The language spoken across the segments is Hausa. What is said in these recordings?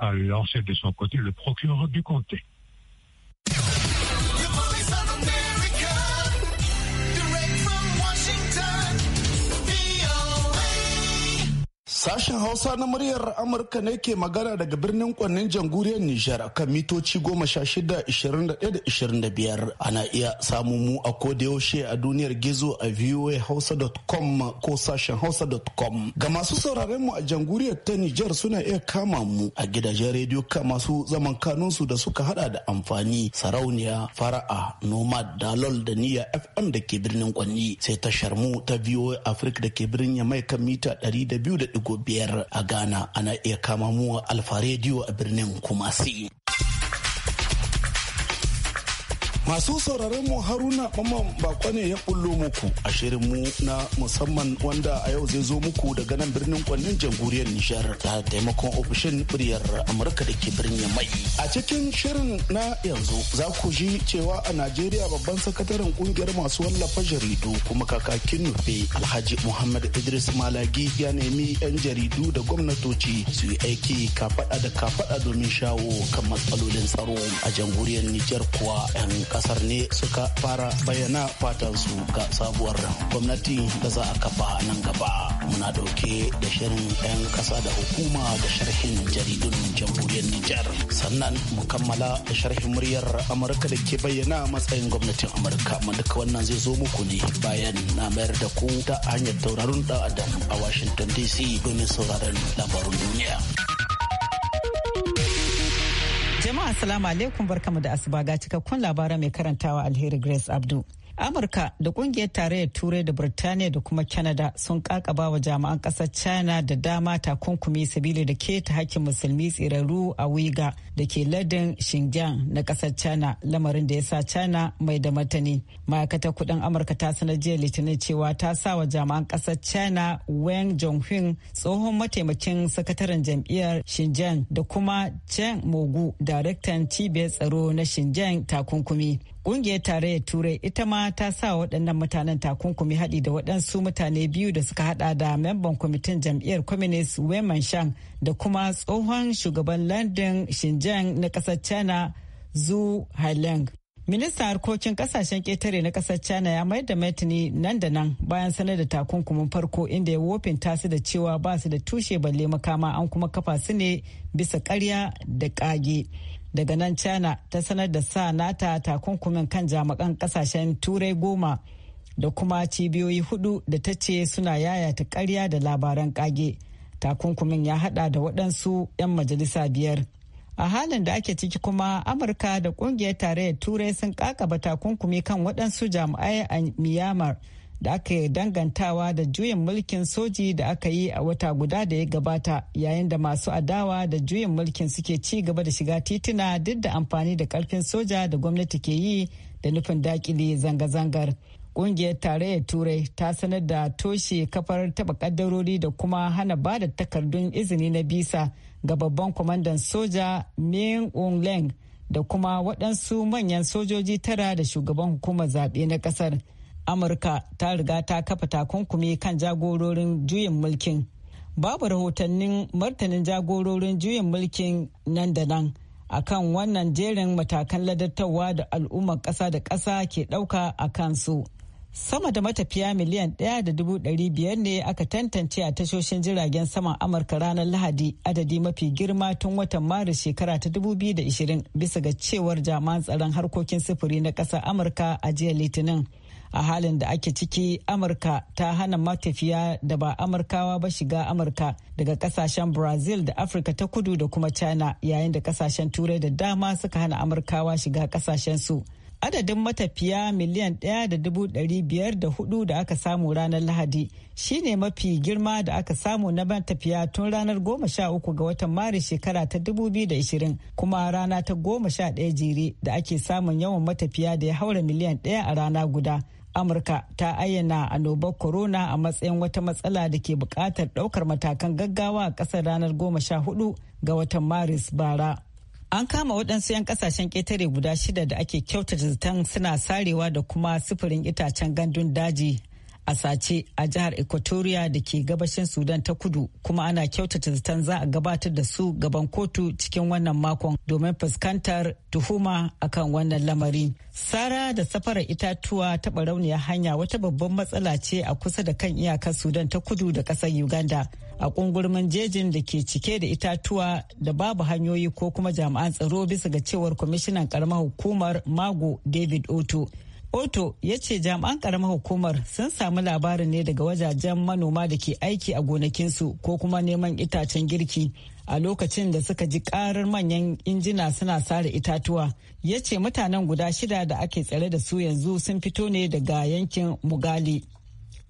a lancé de son côté le procureur du comté. Sashen Hausa na muryar Amurka ne ke magana daga birnin kwannin jamhuriyar Nijar kan mitoci goma sha shida ishirin da ɗaya da ishirin da biyar. Ana iya samu mu a yaushe a duniyar gizo a voahausa.com ko sashen hausa.com. Ga masu sauraren mu a jamhuriyar ta Nijar suna iya kama mu a gidajen rediyo ka masu zaman kanunsu da suka hada da amfani sarauniya fara'a nomad dalol da niyya fm da ke birnin kwanni sai tashar mu ta voa africa da ke birnin yamai kan mita ɗari da biyu da biyar a Ghana ana iya kama mu Alfa rediyo a birnin Kumasi. Masu sauraron mu Haruna Mamman Bako ne ya bullo muku a shirin mu na musamman wanda a yau zai zo muku daga nan birnin kwannin jamhuriyar Nijar da taimakon ofishin biryar Amurka da ke birnin Mai. A cikin shirin na yanzu za ku ji cewa a Najeriya babban sakataren kungiyar masu wallafa jaridu kuma kakakin nufe Alhaji Muhammad Idris Malagi ya nemi 'yan jaridu da gwamnatoci su yi aiki kafaɗa da kafaɗa domin shawo kan matsalolin tsaro a jamhuriyar Nijar kuwa 'yan kasar ne suka fara bayyana fatansu ga sabuwar gwamnati da za a kafa nan gaba muna dauke da shirin 'yan kasa da hukuma da sharhin jaridun jamhuriyar nijar sannan mu kammala da sharhin muryar amurka da ke bayyana matsayin gwamnatin amurka mu duka wannan zai zo muku ne bayan na mayar da ku ta hanyar tauraron da adam a washington dc domin sauraron labarun duniya. jama'a assalamu alaikum barkamu da asuba ga cikakkun labaran mai karantawa alheri grace abdu amurka da kungiyar tarayyar turai da birtaniya da kuma canada sun kakaba wa jami'an kasar china da dama takunkumi sabili da keta hakkin musulmi tsiraru a wiga da ke ladin xinjiang na kasar china lamarin da ya sa china mai da matani ma'aikatar kudin amurka ta sanar jiya litinin cewa ta sa wa jami'an kasar china wang jonghun tsohon mataimakin sakataren jam'iyyar xinjiang da kuma chen mogu daraktan cibiyar tsaro na xinjiang takunkumi Ƙungiyar tarayyar Turai ita ma ta sa waɗannan mutanen takunkumi haɗi da waɗansu mutane biyu da suka haɗa da memban kwamitin jam'iyyar Communist Weiman Shang da kuma tsohon shugaban London Xinjiang na ƙasar China zu Haileng. Ministan harkokin ƙasashen ƙetare na ƙasar China ya mayar da martani nan da nan bayan sanar da takunkumin farko inda ya wofinta su da cewa ba su da tushe balle makama an kuma kafa su ne bisa karya da ƙage. daga nan china ta sanar da sa nata takunkumin kan jami'an kasashen turai goma da kuma cibiyoyi hudu da ta ce suna yayata karya da labaran kage takunkumin ya hada da waɗansu 'yan majalisa biyar a halin da ake ciki kuma amurka da kungiyar tarayyar turai sun kakaba takunkumi kan waɗansu jami'ai a myanmar da aka yi dangantawa da juyin mulkin soji da aka yi a wata guda da ya gabata yayin da masu adawa da juyin mulkin suke ci gaba da shiga tituna duk da amfani da karfin soja da gwamnati ke yi da nufin dakile zanga-zangar ƙungiyar tarayyar turai ta sanar da toshe kafar taba kaddarori da kuma hana ba da takardun izini na bisa ga babban kwamandan soja min leng da kuma waɗansu manyan sojoji tara da shugaban hukumar zaɓe na ƙasar. amurka ta riga ta kafa takunkumi kan jagororin juyin mulkin babu rahotannin martanin jagororin juyin mulkin nan da nan akan wannan jerin matakan ladattawa da al'ummar ƙasa da kasa ke ɗauka a kansu sama da matafiya miliyan ɗaya biyar ne aka tantance a tashoshin jiragen saman amurka ranar lahadi adadi mafi girma tun watan maris shekara ta 2020 bisa ga cewar jami'an tsaron harkokin sufuri na ƙasar amurka a jiya litinin a halin da ake ciki amurka ta hana matafiya da ba amurkawa ba shiga amurka daga kasashen brazil da afirka ta kudu da kuma china yayin da kasashen turai da dama suka hana amurkawa shiga kasashen su adadin matafiya miliyan ɗaya da biyar da hudu da aka samu ranar lahadi shine mafi girma da aka samu na matafiya tun ranar goma sha uku ga watan maris shekara ta dubu kuma rana ta goma sha ɗaya jere da ake samun yawan matafiya da ya haura miliyan ɗaya a rana guda amurka ta ayyana annobar corona a matsayin wata matsala da ke bukatar ɗaukar matakan gaggawa a ƙasar ranar goma sha hudu ga watan maris bara an kama waɗansu 'yan ƙasashen ƙetare guda shida da ake kyautata zaton suna sarewa da kuma sufurin itacen gandun daji a sace a jihar equatoria da ke gabashin sudan ta kudu kuma ana kyautata zaton za a gabatar da su gaban kotu cikin wannan makon domin fuskantar tuhuma akan wannan lamari sara da safarar itatuwa ta barauniyar hanya wata babban matsala ce a kusa da kan iyakar sudan ta kudu da ƙasar uganda a kungurmin jejin da ke cike da itatuwa da babu hanyoyi ko kuma jami'an tsaro bisa ga cewar kwamishinan karamar hukumar mago david oto Oto ya ce jami'an karamar hukumar sun samu labarin ne daga wajajen manoma da ke aiki a gonakinsu ko kuma neman itacen girki a lokacin da suka ji karar manyan injina suna sare itatuwa. Ya ce mutanen guda shida da ake tsare da su yanzu sun fito ne daga yankin Mugali.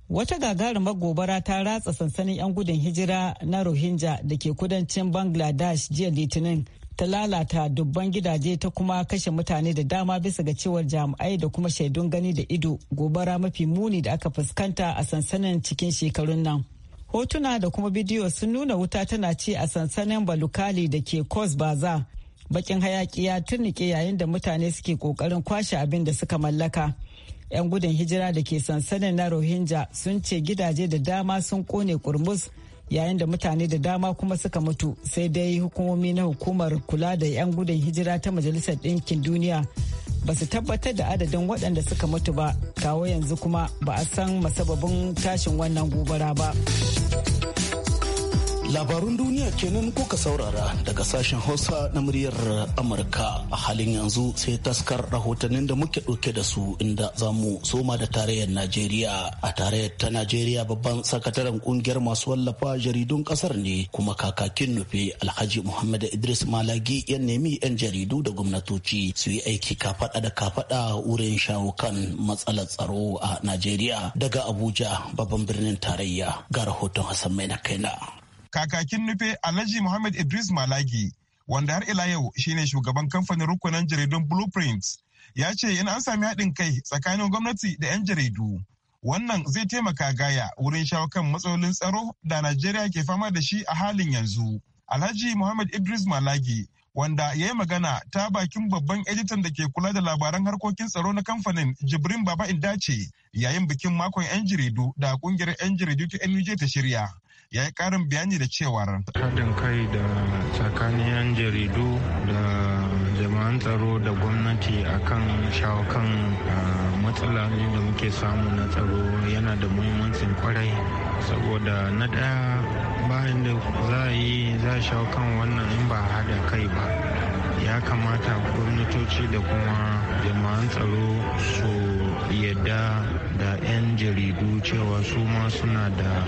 Wata gagarumar gobara ta ratsa sansanin 'yan gudun hijira na Rohingya da ke kudancin Bangladesh jiya Litinin ta lalata dubban gidaje ta kuma kashe mutane da dama bisa ga cewar jami'ai da kuma shaidun gani da ido gobara mafi muni da aka fuskanta a sansanin cikin shekarun nan hotuna da kuma bidiyo sun nuna wuta tana ci a sansanin balukali da ke kos baza bakin hayaki ya turnike yayin da mutane suke kokarin kwashe abin da suka mallaka 'yan gudun hijira da ke sansanin na rohingya sun ce gidaje da dama sun kone kurmus yayin da mutane da dama kuma suka mutu sai dai hukumomi na hukumar kula da 'yan gudun hijira ta majalisar ɗinkin duniya ba su tabbatar da adadin waɗanda suka mutu ba kawo yanzu kuma ba a san masababin tashin wannan gobara ba. Labarun duniya kenan kuka saurara daga sashen Hausa na muryar Amurka a halin yanzu sai taskar rahotannin da muke ɗauke da su inda za mu soma da tarayyar Najeriya. A tarayyar ta Najeriya babban sakataren kungiyar masu wallafa jaridun ƙasar ne kuma kakakin nufi Alhaji Muhammad Idris Malagi ya nemi 'yan jaridu da gwamnatoci su yi aiki kafaɗa da kafaɗa wurin shawo kan matsalar tsaro a Najeriya daga Abuja babban birnin tarayya ga rahoton Hassan Mai na kaina. kakakin nufe alhaji muhammad idris malagi wanda har ila yau shine shugaban kamfanin rukunan jaridun blueprint ya ce in an sami haɗin kai tsakanin gwamnati da 'yan jaridu wannan zai taimaka gaya wurin shawo kan matsalolin tsaro da najeriya ke fama da shi a halin yanzu alhaji muhammad idris malagi wanda ya yi magana ta bakin babban editan da ke kula da labaran harkokin tsaro na kamfanin jibrin baba indace yayin bikin makon 'yan jaridu da kungiyar 'yan jaridu ta nuj ta shirya ya yi karin bayani da cewar haɗin kai da tsakanin yan jaridu da jama'an tsaro da gwamnati akan shawo kan ah, ne da muke samu na tsaro yana da muhimmancin kwarai saboda na ɗaya bayan da za a yi za a shawo kan wannan in ba haɗa kai ba ya kamata gwamnatoci da kuma jama'an tsaro su yadda da 'yan jaridu cewa su ma suna da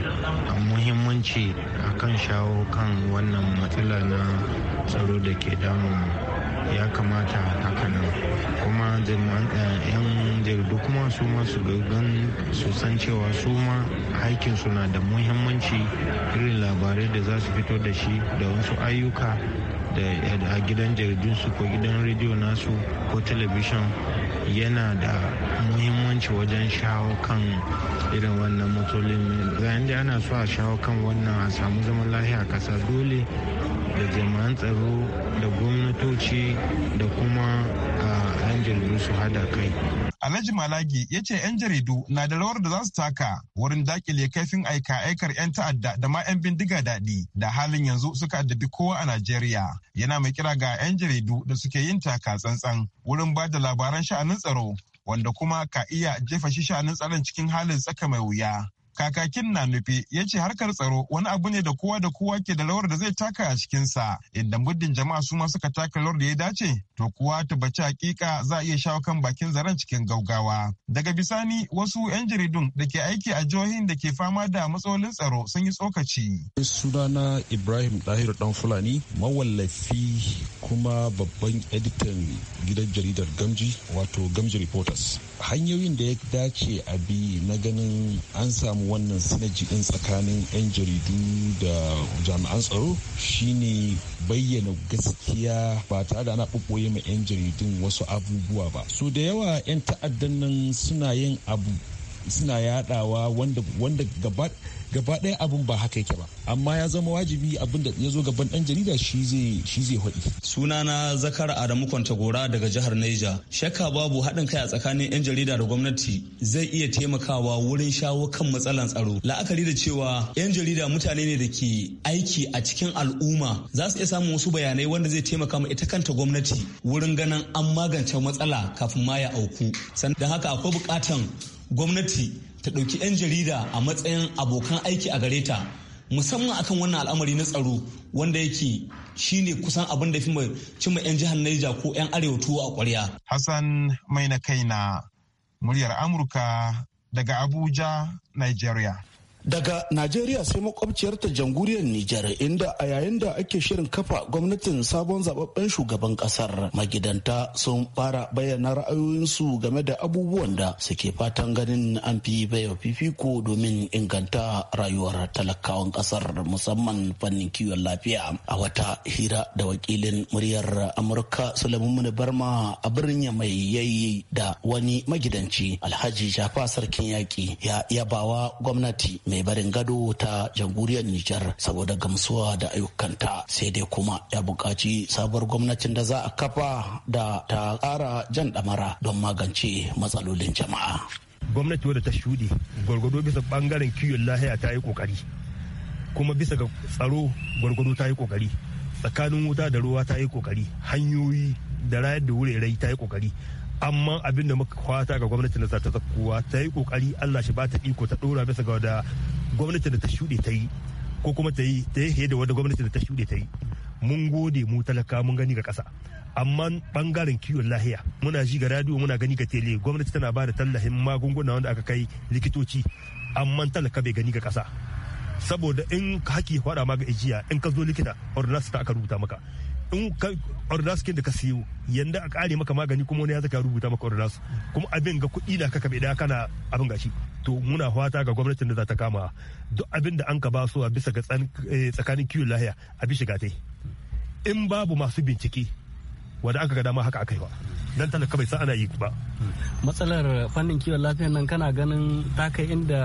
muhimmanci akan shawo kan wannan matsala na tsaro da ke damun ya kamata nan kuma eh, yan jaridu kuma su ma su su san cewa su ma aikin suna da muhimmanci irin labarai da za su fito da shi da wasu ayyuka da a gidan jaridunsu ko gidan rediyo nasu ko talabishin yana da muhimmanci wajen shawo kan irin wannan matsalolin bayan da ana so a shawo kan wannan a samu zaman lahiya a ƙasa dole da jama'an tsaro da gwamnatoci da kuma a ah, 'yan su hada kai Alhaji Malagi ya ce 'yan jaridu na da rawar da za su taka wurin dakile kaifin aika aikar 'yan ta'adda da ma 'yan bindiga daɗi da halin yanzu suka addabi kowa a Najeriya. Yana mai kira ga 'yan jaridu da suke yin taka tsantsan wurin ba da labaran sha'anin tsaro wanda kuma ka iya jefa shi sha'anin tsaron cikin halin tsaka mai wuya. kakakin na nufi ya ce harkar tsaro wani abu ne da kowa da kowa ke da lawar da zai taka a cikinsa inda muddin jama'a su ma suka taka lawar da ya dace to kuwa tabbaci hakika za a iya shawo kan bakin zaren cikin gaugawa daga bisani wasu 'yan jaridun da ke aiki a jihohin da ke fama da matsalolin tsaro sun yi tsokaci sunana ibrahim dahir dan fulani mawallafi kuma babban editan gidan jaridar gamji wato gamji reporters hanyoyin da ya dace a bi na ganin an samu samu wannan sinaji din tsakanin 'yan jaridu da jami'an tsaro shine bayyana gaskiya ba tare da ana ɓoɓɓoye ma 'yan jaridun wasu abubuwa ba. So da yawa 'yan ta'addan nan suna yin abu suna yadawa wanda wanda gaba gaba ɗaya abin ba haka yake ba amma ya zama wajibi abin da ya zo gaban ɗan jarida shi zai shi zai haɗi. sunana zakar adamu kwantagora daga jihar naija shakka babu haɗin kai a tsakanin 'yan jarida da gwamnati zai iya taimakawa wurin shawo kan matsalan tsaro la'akari da cewa 'yan jarida mutane ne da ke aiki a cikin al'umma za su iya samun wasu bayanai wanda zai taimaka ma ita kanta gwamnati wurin ganin an magance matsala kafin ma ya auku sannan haka akwai buƙatan gwamnati ta ɗauki 'yan jarida a matsayin abokan aiki a gare ta musamman akan wannan al'amari na tsaro wanda yake shine kusan abin da fi cimma 'yan jihar Naija ko 'yan arewa tuwo a ƙwarya. Hassan mai na kai na muryar Amurka daga Abuja, Nigeria. Daga Najeriya sai makwabciyar ta jamhuriyar Nijar inda a yayin da ake shirin kafa gwamnatin sabon zababben shugaban kasar magidanta sun fara bayyana ra'ayoyinsu game da abubuwan da suke fatan ganin an fi baiwa fifiko domin inganta rayuwar talakawan kasar musamman fannin kiwon lafiya a wata hira da wakilin muryar Amurka Sulaiman Barma a birnin mai yayi da wani magidanci Alhaji Jafa Sarkin Yaƙi ya yabawa gwamnati mai barin gado ta jamhuriyar Nijar saboda gamsuwa da ayyukanta sai dai kuma ya buƙaci sabuwar gwamnatin da za a kafa da ta ƙara jan ɗamara don magance matsalolin jama'a. Gwamnati wadda ta shuɗe gwargwado bisa ɓangaren kiwon lahiya ta yi ƙoƙari kuma bisa ga tsaro gwargwado ta yi ƙoƙari tsakanin wuta da ruwa ta yi ƙoƙari hanyoyi da rayar da wurare ta yi ƙoƙari amma abin da muka kwata ga gwamnati na ta zakuwa ta yi kokari Allah shi ba ta iko ta dora bisa ga wadda gwamnati da ta shuɗe ta yi ko kuma ta yi ta yi da wadda gwamnati da ta shuɗe ta yi mun gode mu talaka mun gani ga ƙasa amma bangaren kiwon lahiya muna ji ga radio muna gani ga tele gwamnati tana ba da tallafin magunguna wanda aka kai likitoci amma talaka bai gani ga ƙasa saboda in haki faɗa ma ga ijiya in ka zo likita ordinance ta aka rubuta maka in ka ordinance kin da ka siyo yanda a kare maka magani kuma wani ya zaka rubuta maka ordinance kuma abin ga kuɗi da kabe da kana abin gashi to muna fata ga gwamnatin da za ta kama duk abin da an ka ba su a bisa ga eh, tsakanin kiwon lahiya a bi shiga in babu masu bincike wanda aka ga dama haka aka yi ba dan talaka bai sa ana yi ba matsalar fannin kiwon lafiya nan kana ganin ta kai inda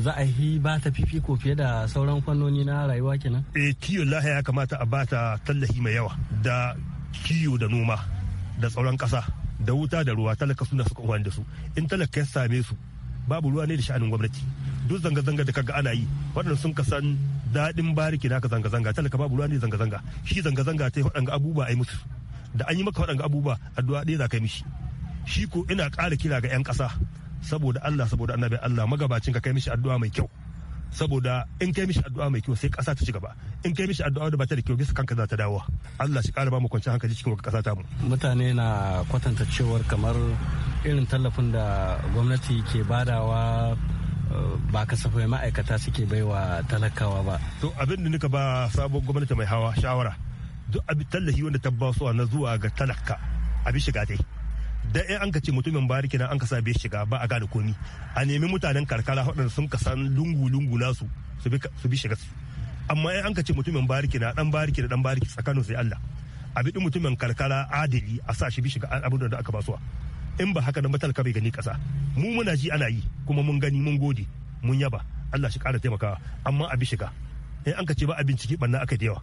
za a yi ba ta fifiko fiye da sauran fannoni na rayuwa kenan eh kiwon lafiya ya kamata a bata tallafi mai yawa da kiwo da noma da tsauran kasa da wuta da ruwa talaka suna suka uwan da su in talaka ya same su babu ruwa ne da sha'anin gwamnati duk zanga-zanga da kaga ana yi waɗanda sun kasan daɗin bariki naka zanga-zanga talaka babu ruwa ne zanga-zanga shi zanga-zanga ta yi waɗanga abubuwa a yi musu da an yi maka waɗanga abubuwa addu'a ɗaya za ka yi mishi shi ko ina ƙara kira ga 'yan ƙasa saboda Allah saboda annabi Allah magabacin ka kai mishi addu'a mai kyau saboda in kai mishi addu'a mai kyau sai ƙasa ta ci gaba in kai mishi addu'a da ba ta da kyau bisa kanka za ta dawo Allah shi ƙara ba mu kwanciyar hankali cikin ƙasa ta mu mutane na kwatanta cewar kamar irin tallafin da gwamnati ke badawa eh, ba kasafai ma'aikata suke baiwa talakawa ba to abin da nika ba sabon gwamnati mai hawa shawara duk abin tallafi wanda ta basuwa na zuwa ga talaka abin shiga dai da ɗaya an ka ce mutumin bariki na an ka sa bai shiga ba a gane komi a nemi mutanen karkara waɗanda sun kasan lungu-lungu nasu su bi shiga su amma ɗaya an ka ce mutumin bariki na dan bariki da dan bariki tsakanin sai Allah a bi mutumin karkara adali a sa shi bi shiga abin da aka basuwa in ba haka nan matalka bai gani kasa mu muna ji ana yi kuma mun gani mun gode mun yaba Allah shi kara taimakawa amma a bi shiga in an ka ce ba a bincike ɓanna aka da yawa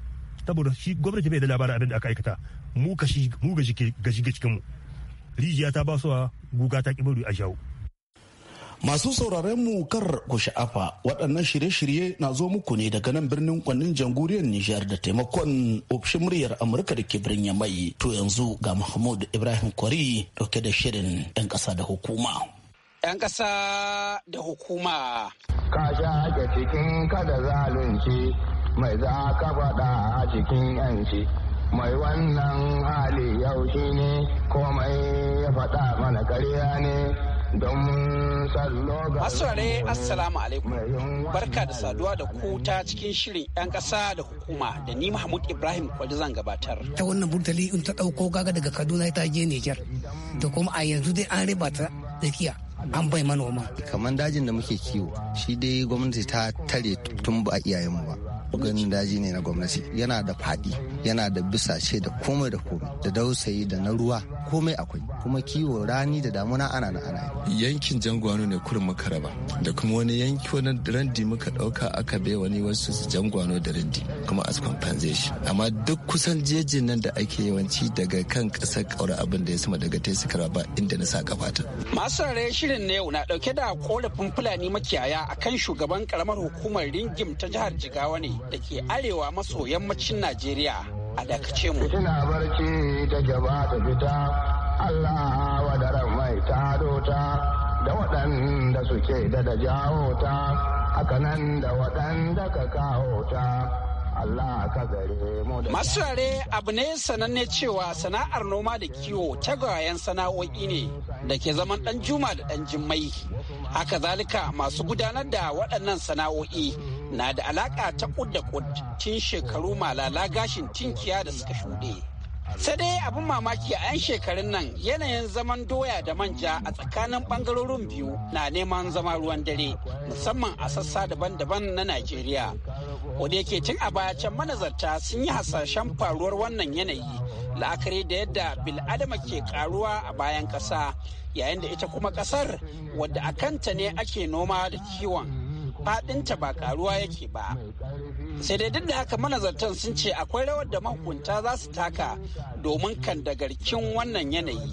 saboda shi gwamnati bai da labarin abin da aka aikata mu ka shi mu ga gaji cikin mu rijiya ta basuwa ah, guga ta kibiru a shawo Masu sauraren mu kar ku sha'afa waɗannan shirye-shirye na zo muku ne daga nan birnin kwannin janguriyar Nijar da taimakon ofishin muryar Amurka da ke birnin mai to yanzu ga Mahmud Ibrahim Kwari dauke da shirin 'yan ƙasa da hukuma. 'Yan ƙasa da hukuma. Ka sha cikin kada zalunci mai za ka faɗa a cikin yanci mai wannan hali yau shi ne komai ya faɗa mana karya ne don Masurare Assalamu alaikum barka da saduwa da ku ta cikin shirin 'yan ƙasa da hukuma da ni Mahmud Ibrahim kwadi zan gabatar. Ta wannan burtali in ta ɗauko gaga daga Kaduna ta je Nijar da kuma a yanzu dai an riba ta tsakiya an bai manoma. Kamar dajin da muke kiwo shi dai gwamnati ta tare tun ba a iyayenmu ba. ganin daji ne na gwamnati yana da fadi yana da bisashe da komai da komai da dausayi da na ruwa komai akwai kuma kiwo rani da damuna ana na ana yankin jangwano ne kurin makaraba da kuma wani yanki wani randi muka ɗauka aka bai wani wasu jangwano da randi kuma as compensation amma duk kusan jejin nan da ake yawanci daga kan ƙasar kaura abin da ya sama daga tesikara ba inda na sa gabata masu rare shirin na yau na dauke da korafin fulani makiyaya akan shugaban karamar hukumar ringim ta jihar jigawa ne da ke arewa maso yammacin Najeriya a dakace mu. Fitina barci ta gaba da fita, Allah wadaran mai ta da waɗanda suke da da jawo ta, nan da waɗanda ka kawo ta. Masu rare abu ne sananne cewa sana'ar noma da kiwo tagayen sana'o'i ne da ke zaman Dan juma da Dan jimmai. Haka zalika masu gudanar da waɗannan sana'o'i na da alaƙa ta ƙudda da shekaru malala gashin tinkiya da suka shuɗe. Sai dai abin mamaki a 'yan shekarun nan yanayin zaman doya da manja a tsakanin ɓangarorin biyu na neman zama ruwan dare musamman a sassa daban-daban na Najeriya. Wanda yake tun a baya can manazarta sun yi hasashen faruwar wannan yanayi la'akari da yadda bil'adama ke karuwa a bayan ƙasa yayin da ita kuma ƙasar wadda a kanta ne ake noma da kiwon faɗinta ba karuwa yake ba sai dai duk da haka manazartan sun ce akwai rawar da mahukunta za su taka domin kan da garkin wannan yanayi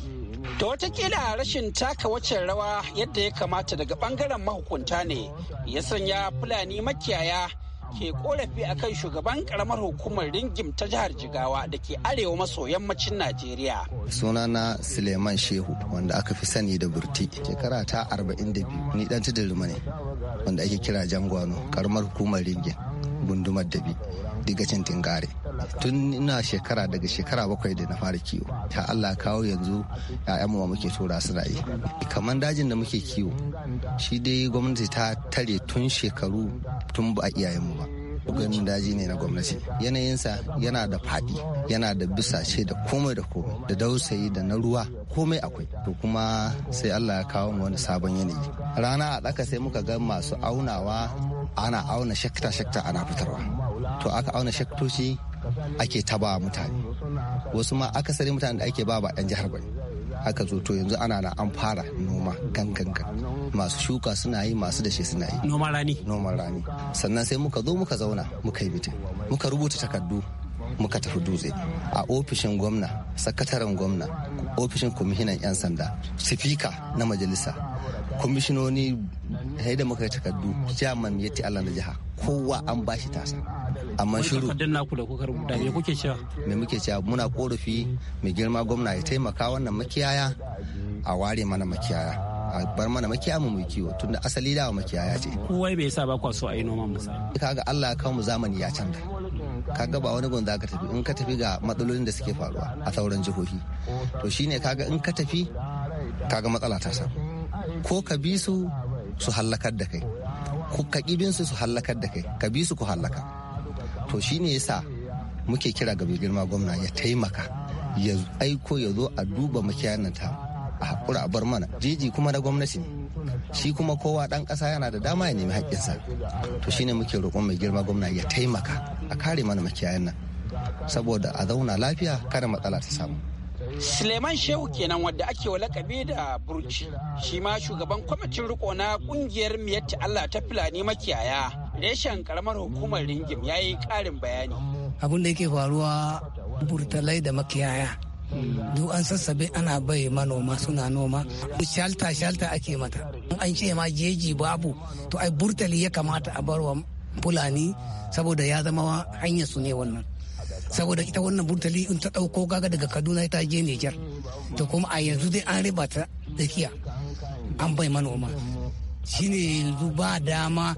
ta watakila rashin taka wacce rawa yadda ya kamata daga bangaren mahukunta ne ya sanya fulani makiyaya ke korafi a kan shugaban karamar hukumar ringim ta jihar jigawa da ke arewa maso yammacin najeriya sunana suleiman shehu wanda aka fi sani da burti shekara ta 42 ni dan tudurma ne wanda ake kira jangwano karamar hukumar ringim gundumar dabi diga cin tingare tun ina shekara daga shekara bakwai da na fara kiwo ta Allah kawo yanzu ya'yanmu ma muke tura su yi kamar dajin da muke kiwo shi dai gwamnati ta tare tun shekaru tun ba a mu ba ganin daji ne na gwamnati yanayinsa yana da faɗi yana da ce da komai da komai da dausayi da na ruwa komai akwai to kuma sai allah ya kawo mu wani sabon yanayi rana a ɗaka sai muka ga masu aunawa ana auna shakta shakta ana fitarwa to aka auna shaktoci ake taba mutane wasu ma akasari mutane da ake ba ba 'yan jihar bane aka zo to yanzu ana na an fara noma gangan masu shuka suna yi masu dashe suna yi noman rani noman rani sannan sai muka zo muka zauna muka yi bitin muka rubuta takardu muka tafi dutse a ofishin gwamna sakataren gwamna ofishin kwamishinan 'yan sanda sifika na majalisa kwamishinoni da muka yi takardu jaman ya Allah na jiha kowa an bashi tasa amma shiru mai da cewa muke cewa muna korafi mai girma gwamna ya taimaka wannan makiyaya a ware mana makiyaya a bar mana makiya mu mai kiwo tunda asali dawa ya ce kowai bai sa ba kwa so a yi noma kaga Allah ya kawo mu zamani ya canza kaga ba wani gonza ka tafi in ka tafi ga matsalolin da suke faruwa a sauran jihohi to shine kaga in ka tafi kaga matsala ta samu ko ka bi su su hallakar da kai ko ka kibin su su hallakar da kai ka bi su ku hallaka to shine yasa muke kira ga girma gwamna ya taimaka ya aiko ya zo a duba makiyayan ta a haƙura a bar mana jeji kuma na gwamnati ne shi kuma kowa ɗan ƙasa yana da dama ya nemi haƙƙinsa to shine muke roƙon mai girma gwamna ya taimaka a kare mana makiyayan nan saboda a zauna lafiya kada matsala ta samu Suleiman Shehu kenan wadda ake wa lakabi da burci shi ma shugaban kwamitin riko na kungiyar miyatti Allah ta Fulani makiyaya reshen karamar hukumar ringim ya yi karin bayani abin da yake faruwa burtalai da makiyaya Hmm. duk an sassabe ana bai manoma suna noma shalta shalta ake mata an ce ma jeji babu to ai burtali ya kamata a barwa fulani saboda ya zama hanyar su ne wannan saboda ita wannan burtali in ta ɗauko gaga daga kaduna ta je nijar to kuma a yanzu dai an riba ta tsakiya an bai manoma shine yanzu ba dama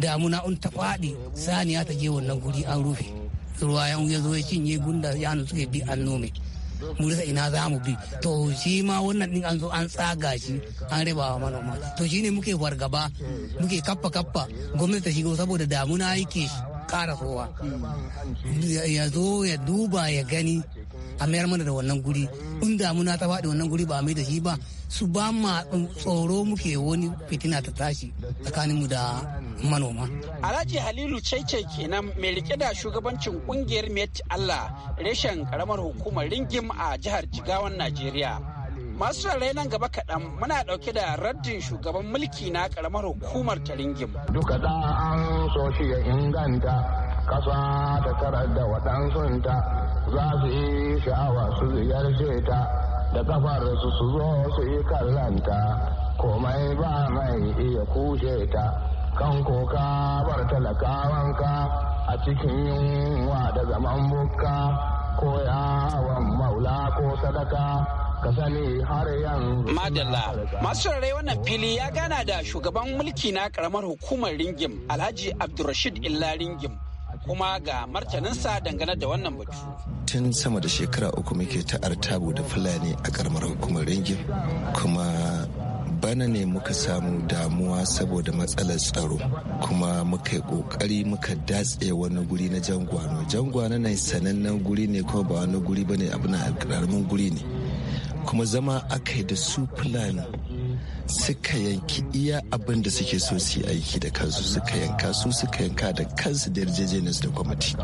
damuna in ta faɗi saniya ta je wannan guri an rufe ruwa ya zo ya cinye gunda yanu suke bi an nome mu rasa ina za mu bi to shi ma wannan din an zo an tsaga shi an raba wa manoma to ne muke fargaba muke kappa kappa gwamnati ta shigo saboda damuna yake shi kara ruwa ya zo ya duba ya gani a mayar mana da wannan guri in damuna ta faɗi wannan guri ba a mai da shi ba su ba ma tsoro muke wani fitina ta tashi tsakaninmu da manoma. Alhaji Halilu Cece kenan mai rike da shugabancin kungiyar Met Allah reshen karamar hukumar Ringim a jihar Jigawan Najeriya. masu rarrai nan gaba kaɗan muna ɗauke da raddin shugaban mulki na ƙaramar hukumar taringim duka da an so shi ya inganta ƙasa ta tarar da waɗansunta za su yi sha'awa su ziyarce ta da kafar su su zo su yi kallanta komai ba mai iya kushe ta kan koka bar talakawanka a cikin yunwa da zaman bukka ko yawon maula ko sadaka Madalla, masu rarrai wannan fili ya gana da shugaban mulki na karamar hukumar Ringim, Alhaji Abdulrashid Illa Ringim. kuma ga martaninsa dangane da wannan batu. Tun sama da shekara uku muke ta artabu da Fulani a karamar hukumar Ringim kuma bana ne muka samu damuwa saboda matsalar tsaro kuma muka yi kokari muka datse wani guri na jangwano jangwano na sanannen guri ne kuma ba wani guri bane abu na karamin guri ne kuma zama aka yi da su fulani suka yanki iya abin da suke so su yi aiki da kansu suka yanka su suka yanka da kansu da yarjejeniyar da kwamiti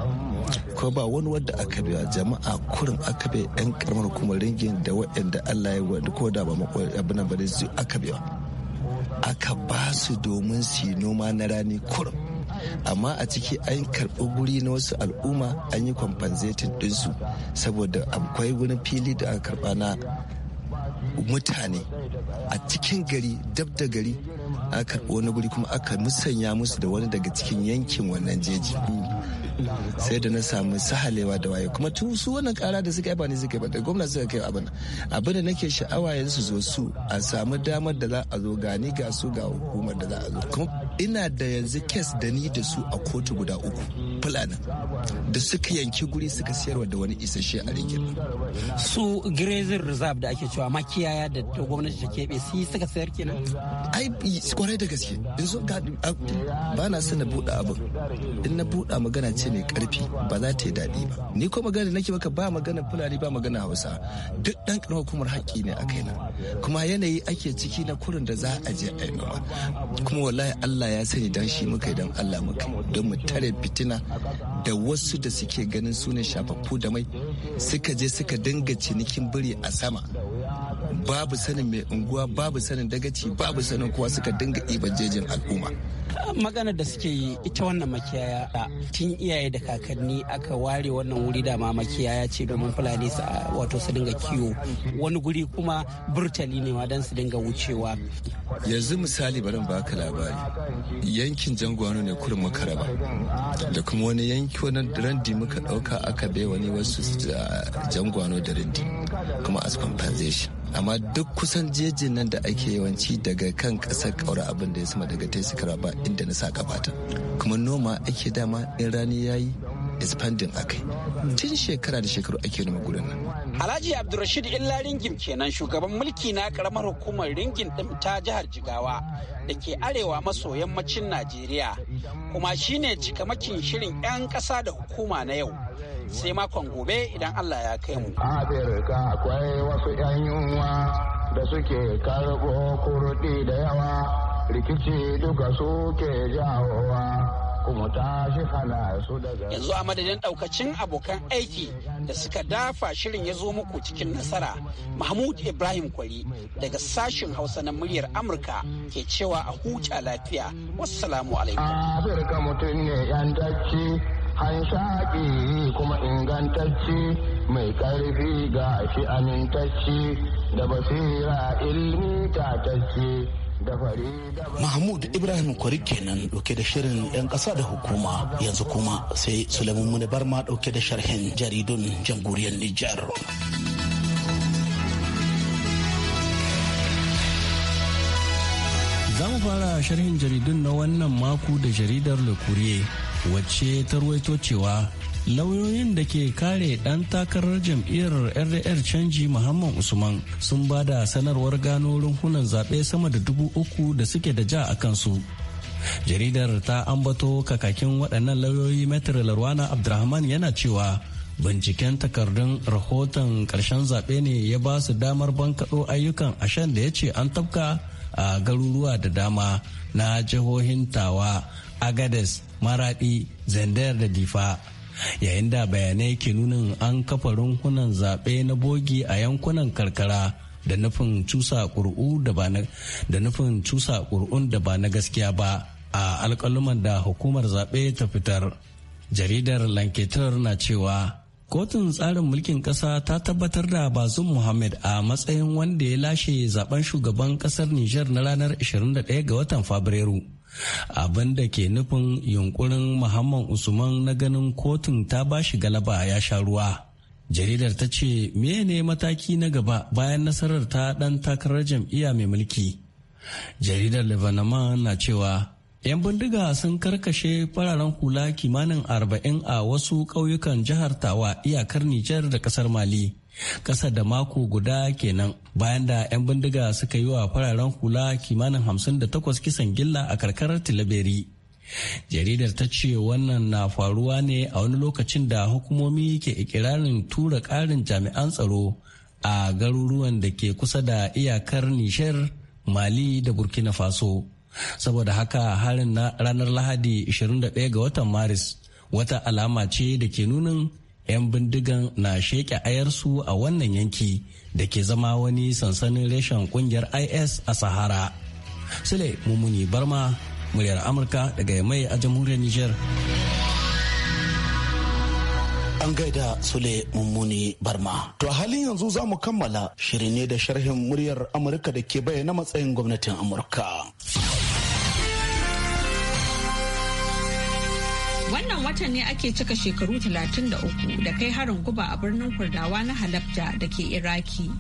kuma ba wani wadda aka biya jama'a kurin aka biya yan karamar kuma ringin da waɗanda allah ya wani ko da ba abin ba da aka biya aka ba su domin su yi noma na rani kurin amma a ciki an karɓi guri na wasu al'umma an yi kwamfanzetin ɗinsu saboda akwai wani fili da aka karɓa na mutane a cikin gari dab da gari aka wani guri kuma aka musanya musu da wani daga cikin yankin wannan jeji sai da na samu sahalewa da waye kuma tun su wannan kara da suka yi ba suka yi ba da gwamnati suka kai abin abin da nake sha'awa yanzu su zo su a samu damar da za a zo gani ga su ga hukumar da za a zo ina da yanzu kes da ni da su a kotu guda uku fulani da suka yanki guri suka siyarwa da wani isasshe a rigin su grazing reserve da ake cewa makiyaya da gwamnati ta keɓe su suka sayar kenan ai kwarai da gaske yanzu ba na son na buɗe abin in na buɗe magana ce mai karfi ba za ta yi daɗi ba ni ko magana nake maka ba magana fulani ba magana hausa duk ɗan ƙaramar hukumar haƙƙi ne a kaina kuma yanayi ake ciki na kurin da za a je a yi kuma wallahi Allah Allah ya sani don shi muka don Allah muka don mu tare fitina da wasu da suke ganin sunan shafaffu da mai suka je suka dinga cinikin biri a sama babu sanin mai unguwa babu sanin dagaci babu sanin kuwa suka dinga ɗiban jejin al'umma ah, magana da suke yi ita wannan makiyaya tun iyaye da kakanni aka ware wannan wuri da ma makiyaya ce domin fulani su ah, wato su dinga kiwo wani guri kuma burtali ne ma don su dinga wucewa yanzu misali barin baka labari yankin jangwano ne kurin makaraba da kuma wani yanki wani randi muka dauka aka bai wani wasu ah, jangwano da randi kuma as compensation amma duk kusan jejin nan da ake yawanci daga kan ƙasar kaura abin da ya sama daga sikara ba inda na sa gabata kuma noma ake dama in rani ya yi expanding a kai tun shekara da shekaru ake noma gudun nan. Alhaji Abdulrashid Illa Ringim kenan shugaban mulki na karamar hukumar ringin ɗin ta jihar Jigawa da ke arewa maso yammacin Najeriya kuma shine cikamakin shirin 'yan ƙasa da hukuma na yau. sai makon gobe idan Allah ya kai mu. Afirka akwai wasu 'yan yunwa da suke karɓo kurɗi da yawa rikici duka suke jawowa. yanzu a madadin daukacin abokan aiki da suka dafa shirin ya zo muku cikin nasara mahmud ibrahim kwari daga sashin hausa na muryar amurka ke cewa a huta lafiya wassalamu alaikum afirka mutum ne yan hanshaƙi kuma ingantacce mai ƙarfi ga shi amintacce da basira ilmi tatacce Mahmud Ibrahim Kwari kenan dauke da shirin 'yan ƙasa da hukuma yanzu kuma sai Suleiman Muni Barma dauke da sharhin jaridun jamhuriyar Nijar. Za mu fara sharhin jaridun na wannan mako da jaridar Le wacce ta ruwaito cewa lauyoyin da ke kare dan takarar jam'iyyar rdr canji muhammad usman sun ba da sanarwar gano runhunan zaɓe sama da dubu uku da suke da ja a kansu jaridar ta ambato kakakin waɗannan lauyoyi metro larwana abdulrahman yana cewa binciken takardun rahoton ƙarshen zaɓe ne ya ba su damar bankaɗo ayyukan ashen da ya ce an tafka a garuruwa da dama na jihohin tawa agades maradi zandar da difa yayin da bayanai ke nunin an kafa runkunan zaɓe na bogi a yankunan karkara da nufin cusa ƙuri'un da ba na gaskiya ba a alƙaluman da hukumar zaɓe ta fitar jaridar lanketar na cewa Kotun tsarin mulkin ƙasa ta tabbatar da Bazum Muhammad a matsayin wanda ya lashe zaben shugaban ƙasar Niger na ranar 21 ga watan Fabrairu. Abin da ke nufin yunkurin Muhammad Usman na ganin kotun ta ba shi galaba ya sha ruwa. Jaridar ta ce ne mataki na gaba bayan nasarar ta ɗan takarar jam'iyya mai mulki. Jaridar Lebanon na cewa 'Yan bindiga sun karkashe fararen hula kimanin arba'in a wasu ƙauyukan jihar Tawa iyakar Nijar da ƙasar Mali. Ƙasa da mako guda kenan bayan da 'yan bindiga suka yi wa fararen hula kimanin hamsin da takwas kisan gilla a karkarar Tilaberi. Jaridar ta ce wannan na faruwa ne a wani lokacin da hukumomi ke ikirarin tura ƙarin jami'an tsaro a garuruwan da ke kusa da iyakar Nishar, Mali da Burkina Faso. saboda haka harin na ranar lahadi 21 ga watan maris wata alama ce da ke nunin 'yan bindigan na sheke ayarsu a wannan yanki da ke zama wani sansanin reshen kungiyar is a sahara sule mummuni barma muryar amurka daga mai a jamhuriyar niger an gaida sule mummuni barma to halin yanzu za mu kammala shiri ne da sharhin muryar amurka da ke bayyana matsayin gwamnatin amurka Wannan watan ne ake cika shekaru 33 da kai harin guba a birnin Kurdawa na Halabja da ke Iraki.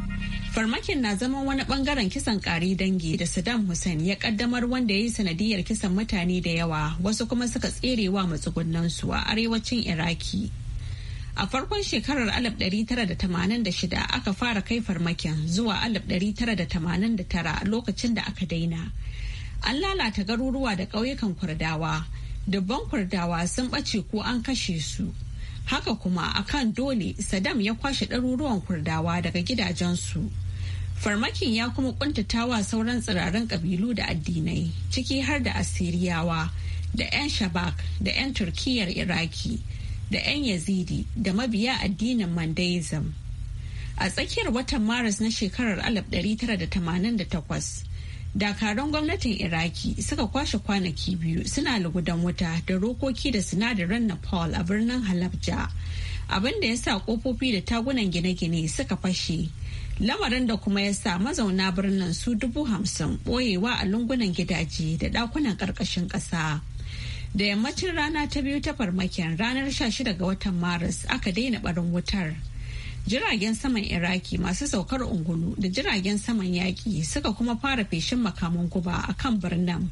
Farmakin na zama wani bangaren kisan ƙari dangi da Saddam Hussein ya kaddamar wanda ya yi sanadiyar kisan mutane da yawa wasu kuma suka tserewa matsugunansu a arewacin Iraki. A farkon shekarar 1986 aka fara kai farmakin zuwa 1989 lokacin da aka daina. An lalata garuruwa da ƙauyukan Kurdawa. dubban kurdawa sun ɓace ko an kashe su haka kuma akan dole saddam ya kwashe ɗaruruwan kurdawa daga gidajensu farmakin ya kuma kuntatawa sauran tsirarin ƙabilu da addinai ciki har da asiriyawa da 'yan shabak da 'yan turkiyyar iraki da 'yan yazidi da mabiya addinin mandaism a tsakiyar watan maris na shekarar 1988 dakaran gwamnatin iraki suka kwashe kwanaki biyu suna lugudan wuta da rokoki da sinadaran nepal a birnin halabja abinda da ya sa kofofi da tagunan gine-gine suka fashe lamarin da kuma ya sa mazauna birnin su dubu hamsin boyewa a lungunan gidaje da dakunan ƙarƙashin ƙasa da yammacin rana ta biyu ta farmakin ranar 16 ga watan maris aka daina barin wutar jiragen saman iraki masu saukar ungulu da jiragen saman yaƙi suka kuma fara feshin makaman guba a kan birnin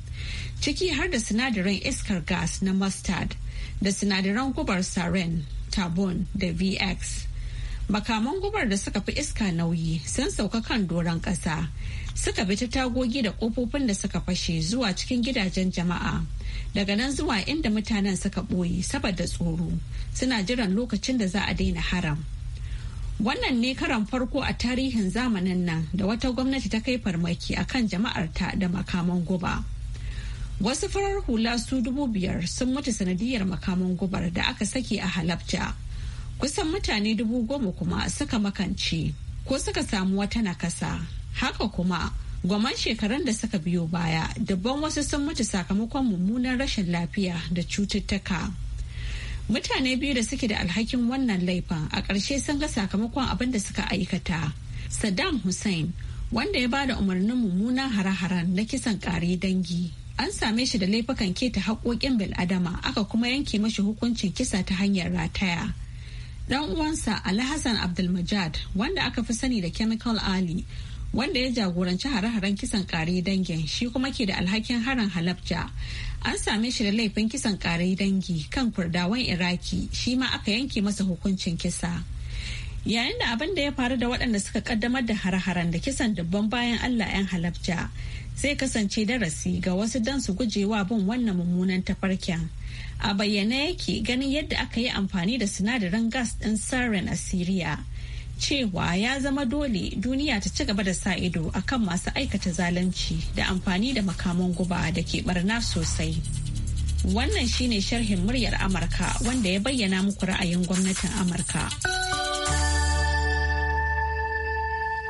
ciki har da sinadaran iskar gas na mustard da sinadaran gubar sarin tabon da vx makaman gubar da suka fi iska nauyi sun sauka kan doron ƙasa suka bi ta tagogi da ƙofofin da suka fashe zuwa cikin gidajen jama'a daga nan zuwa inda mutanen suka ɓoye saboda tsoro suna jiran lokacin da za a daina haram Wannan ne karan farko a tarihin zamanin nan da wata gwamnati ta kai farmaki a kan jama'arta da makaman guba. Wasu farar hula su dubu biyar sun mutu sanadiyar makaman gubar da aka saki a halabja. Kusan mutane dubu goma kuma suka makance ko suka samu wata nakasa. Haka kuma gwaman shekaran da suka biyo baya dabban wasu sun mutu sakamakon mummunan rashin lafiya da cututtuka. mutane biyu da suke da alhakin wannan laifin a ƙarshe sun ga sakamakon abin da suka aikata saddam hussein wanda ya bada umarnin mummunan hare-haren na kisan ƙare dangi an same shi da laifukan keta haƙoƙin bil'adama aka kuma yanke mashi hukuncin kisa ta hanyar rataya dan uwansa Ali Hassan abdulmajad wanda aka fi sani da chemical ali wanda ya jagoranci hare-haren kisan ƙari dangin shi kuma ke da alhakin harin halabja an same shi da laifin kisan karai dangi kan kurdawan iraki shi ma aka yanke masa hukuncin kisa yayin da abin da ya faru da waɗanda suka kaddamar da har-haren da kisan dubban bayan allah 'yan halabja zai kasance darasi ga wasu don su gujewa bin wannan mummunan tafarkin a bayyane yake ganin yadda aka yi amfani da sinadarin gas ɗin sarin a siriya cewa ya zama dole duniya ta ci gaba da sa ido akan masu aikata zalunci da amfani da makaman guba da ke barna sosai. Wannan shine sharhin muryar Amurka wanda ya bayyana muku ra'ayin gwamnatin Amurka.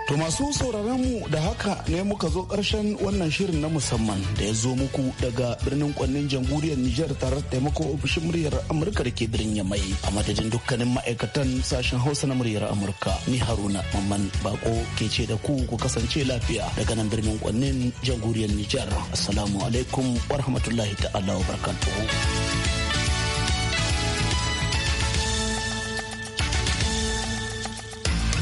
To masu sauraron mu da haka ne muka zo ƙarshen wannan shirin na musamman da ya zo muku daga birnin kwannin jamhuriyar Nijar tare da taimako ofishin muryar Amurka da ke birnin Yamai a madadin dukkanin ma'aikatan sashen Hausa na muryar Amurka. Ni Haruna Mamman Bako ke ce da ku ku kasance lafiya daga nan birnin kwannin jamhuriyar Nijar. Assalamu alaikum wa rahmatullahi ta'ala wa barakatuhu.